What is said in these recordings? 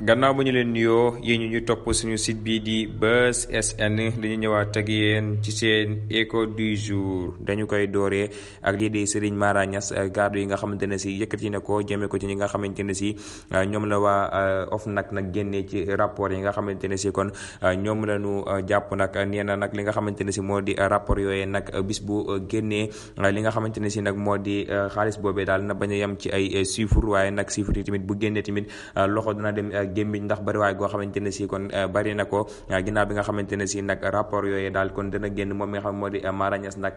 gannaaw ba ñu leen nuyoo yéen ñu ñu topp suñu site bii di Buzz SN dañu ñëwaat ak yéen ci seen écho du jour dañu koy dooree ak lii di Serigne Mara Niass yi nga xamante ne si yëkkati na ko jëmee ko ci ñi nga xamante ne si ah, ñoom la waa ah, OFNAC nag génnee ci rapport yi nga xamante ne si kon ah, ñoom la ñu jàpp nag nee na nag li nga xamante ne si moo di rapport yooyee nag bis bu génnee li nga xamante ne si nag moo di xaalis boobe daal na bañ a yem ci ay chiffres waaye nag chiffres tamit bu génnee tamit loxo dana dem. gémmiñ ndax bariwaay goo xamante ne si kon eh, bari na ko eh, ginnaaw bi nga xamante ne si rapport yooyu daal kon dana génn moom mi nga xam moo di eh, Mara Niass nag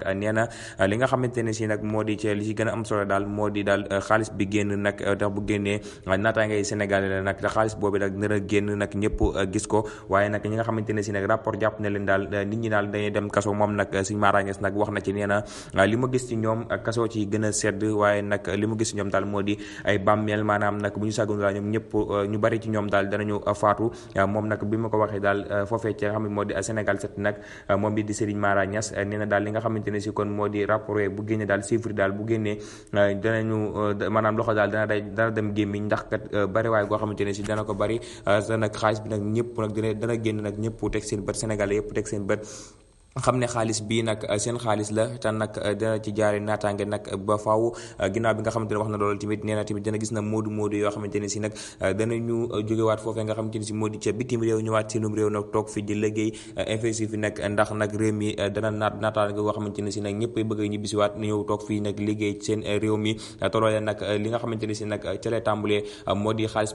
moo di ci li ci gën a am solo daal moo di daal xaalis bi génn nag tax bu génnee ko waaye nag ñi nga xamante ne si rapport jàpp na leen daal nit ñi daal dañuy dem kaso moom nag suñ Mara Niass wax na ci nee na li ma gis ci ñoom kaso ci gën a sedd waaye nag li ma gis ci ñoom daal moo di ay bàmmeel maanaam nag bu ñu sàggoon ñoom ñëpp ñu bari ñoom daal danañu faatu moom nag bi ma ko waxee daal euh, foofee ci nga xam ne moo di euh, Sénégal set nag euh, moom bi di Serigne Mara Niass nee daal li nga xamante ne si kon moo di rapport bu génne daal chiffre daal bu génnee danañu maanaam loxo daal dana dana dem gémmiñ ndax kat bari waaye goo xamante ne si dana ko bari nag xaalis bi nag ñëpp nag dana dana génn nag ñëpp teg seen bët Sénégalais yëpp teg seen bët xam ne xaalis bii nag euh, seen xaalis la te nag euh, dina ci jaare naataange nag ba faw euh, ginnaaw bi nga xamante ne wax na loolu tamit nee na tamit dana gis na moodu moodi xaalis bi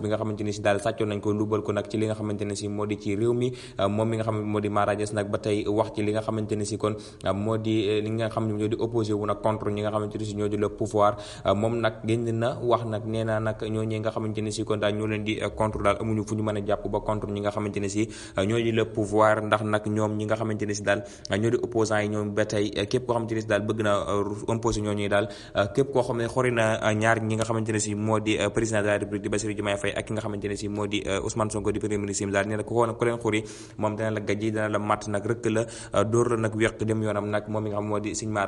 nga xamante ne si daal sàccoon nañ ko lubal ko nag ci li nga xamante ne si moo di ci réew mi moom mi nga xam moo di Mara nag ba tey wax ci li nga xamante ah, eh, ne si ñi nga xamante ne daal nga ñoo di le yi ñoom ba tey eh, képp koo xamante eh, ah, ne ah, moo di président daal nee na ko leen xuri moom dana la gàjji dana la matt nag rëkk la dóor la nag weq dem yoonam nag moom mi nga xam ne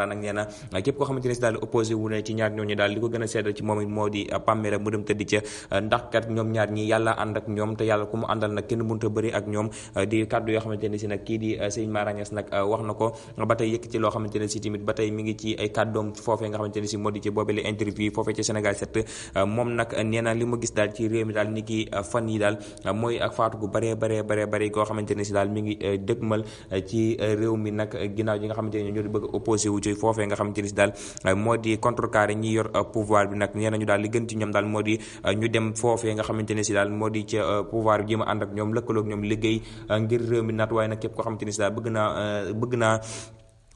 a a mooy ak faatu gu bare bare bare bare koo xamante ne si daal mi ngi eh, dëgmal eh, ci eh, réew moom mi nag ginnaaw yi nga xamante ne ñoo di bëgg opposé wu ci foofee nga xamante ni si daal euh, moo di contrecarré ñi yor euh, pouvoir bi nag nee nañu daal li gën ñoom daal moo di euh, ñu dem foofee nga xamante ne si daal moo di ca pouvoir bi jéem a ànd ak ñoom lëkkaloog ñoom liggéey ngir réew naat waaye nag képp koo xamante ni si daal bëgg naa bëgg naa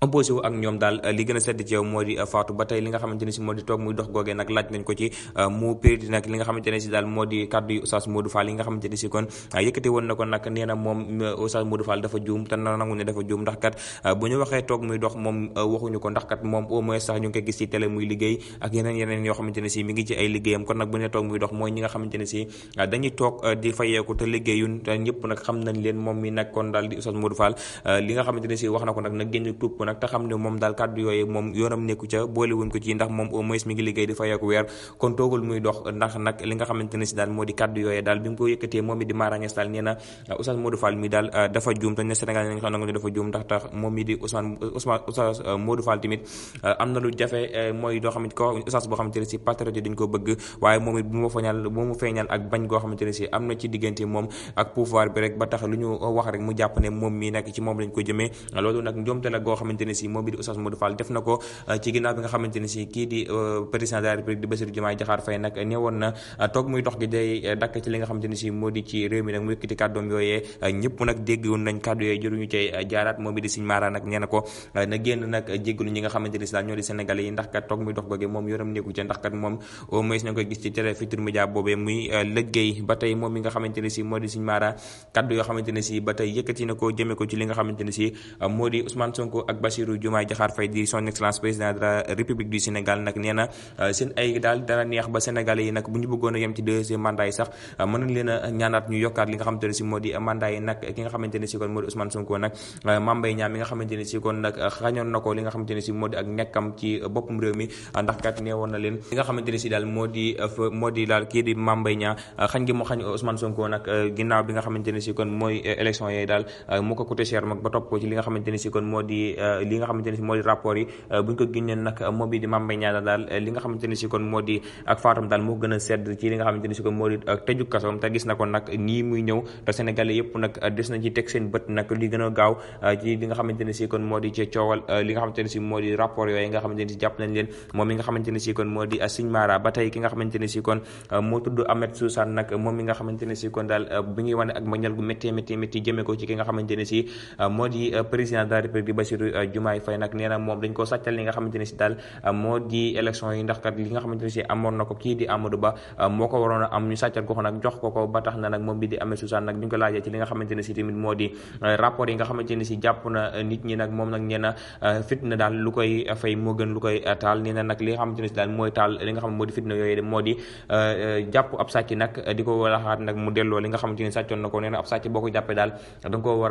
opposé wu ak ñoom daal li gën a sedd ci moo di euh, faatu ba tey li nga xamante si moo di toog muy dox googee nag laaj euh, nga xamante si daal moo di toog muy dox moom euh, waxuñu nga xamante si dañuy toog di fayeeku te liggéeyun ñëpp nag xam nañ leen moom mi nag kon daal di Oustaz Modou Fall li nga xamante si wax na ko nag na génn tuub ko nag nag te xam ne moom daal kàddu yooyu moom yoonam nekku ca boolewuñ ko ci ndax moom moom it nekk ci moom lañ ko jëmee loolu nag njoomte goo xamante xamante ne si ndax kat toog muy dox googe moom yoram nekku ca ndax kat moom au euh, di Serigne Mara kàddu yoo xamante ne ba tey yëkkati na ko jëme ko ci li nga xamante ne euh, moo di Ousmane Sonko ak Bassirou Diomaye Diakhar Faye di son excellence président de république du Sénégal nag nee na euh, daal dana neex ba sénégalais yi nag bu ñu bëggoon a yem ci deuxième mandat sax euh, mën nañ leen ñaanaat ñu yokkaat li nga xamante ne si kon euh, na ko bi nga xamante ne si mooy élection yooyu daal moo ko cher mag ba topp ko ci li nga xamante si kon moo di li nga xamante ne si moo di rapport yi bu ñu ko génneen nag moo bi di Mame Mbaye daal li nga xamante ne si kon moo di a sedd ci li nga nga xamante ne si kon moo di ci coowal li moo di rapport yooyu nga di ba tey Jumaay Fay nag nee moom dañ ko euh, kii euh, a li nga xamante ne si daal mooy taal li euh, ko walaxaat nag mu a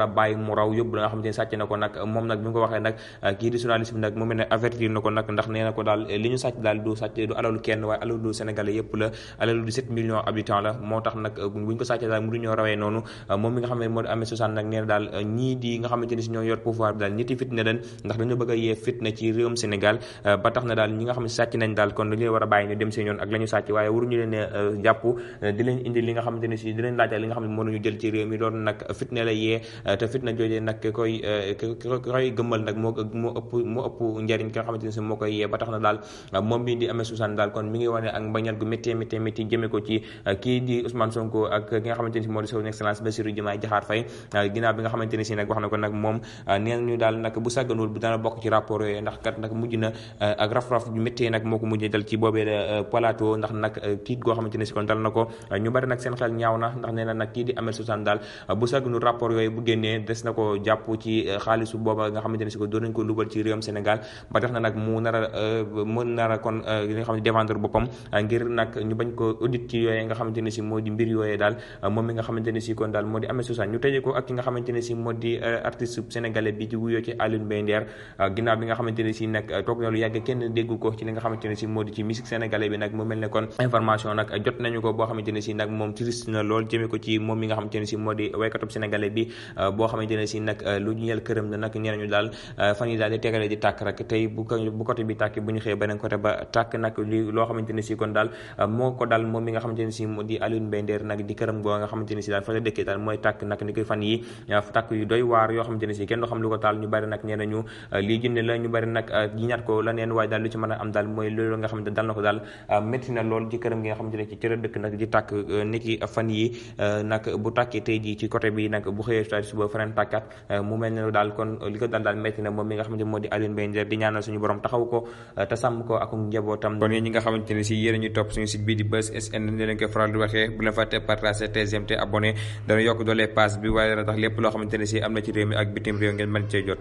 raw yóbbu la nga xamante ne sàcc na ko nag moom nag bi ko waxee nag ah, kii ndax nga xam sàcc nañ daal kon dañu war a bàyyi ñu dem seen ak la sàcc waaye waruñu leen eh, jàpp ah, di leen indi li nga xamante ne di leen laajal li nga xam ne mënuñu jël ci réew mi loolu nag la yee ah, te fitna joojee nag koy eh, koy gëmmal rek moo moo ëpp moo ëpp njariñ ki nga xamante ne si moo koy yee ba tax na daal ah, moom bi di amee Susan daal kon mi ngi wane ak mbañal gu métti métti métti jëme ci ah, kii di nga xamante ne si ah, ko doo doon nañ ko lubal ci réewam Sénégal ba tax na nag mu nar euh, mu nar kon euh, li nga xam ne défendre boppam euh, ngir nag ñu bañ ko audit ci yooyee nga xamante ne si moo di mbir yooyee daal moom mi nga ne si kon daal moo di Ameth Suzanne ñu tëjee ko ak ki ne si moo di artiste sénégalais bi di wuyoo ci Alioune Mbaye ginnaaw bi nga xamante ne si nag toog na lu yàgg kenn dégg ko ci li nga xamante ne si moo di ci musique sénégalais bi nag mu mel ne kon information nag jot nañu ko boo xamante ne si nag moom triste na lool jëmee ko ci moom mi nga xamante ne si moo di waykatub sénégalais bi boo xamante ne si nag lu ñeel këram la nag ñeneen ñu daal Euh, fan yi daal di tegale di tàkk rek tey bu bu bi tàkk bu ñu xëyee beneen côté ba tàkk nag li loo xamante ne si kon daal euh, moo ko daal moom euh, xam lu ko taal ñu bari nag nee nañu lii ci mën na ko daal lool ci këram gi nga xamante ne dëkk nag di tàkk niki fan yi nag bu tàkkee tey ji ci côté bi nag bu xëyee suba faneen tàkkat mu mel ne daal kon li ko daal daal rawatina moom mi nga xamante moo di Alioune Mbaye Nder di ñaanal suñu borom taxaw ko uh, te sàmm ko ak njabootam kon yéen ñi nga xamante ne si yéen ñu topp suñu site bii di Buzz SN ni leen koy faral di waxee bu leen fàtte partager TGM te abonné dana yokk doole pass bi waaye dana tax lépp loo xamante ne si am na ci réew mi ak bitim réew ngeen mën cee jot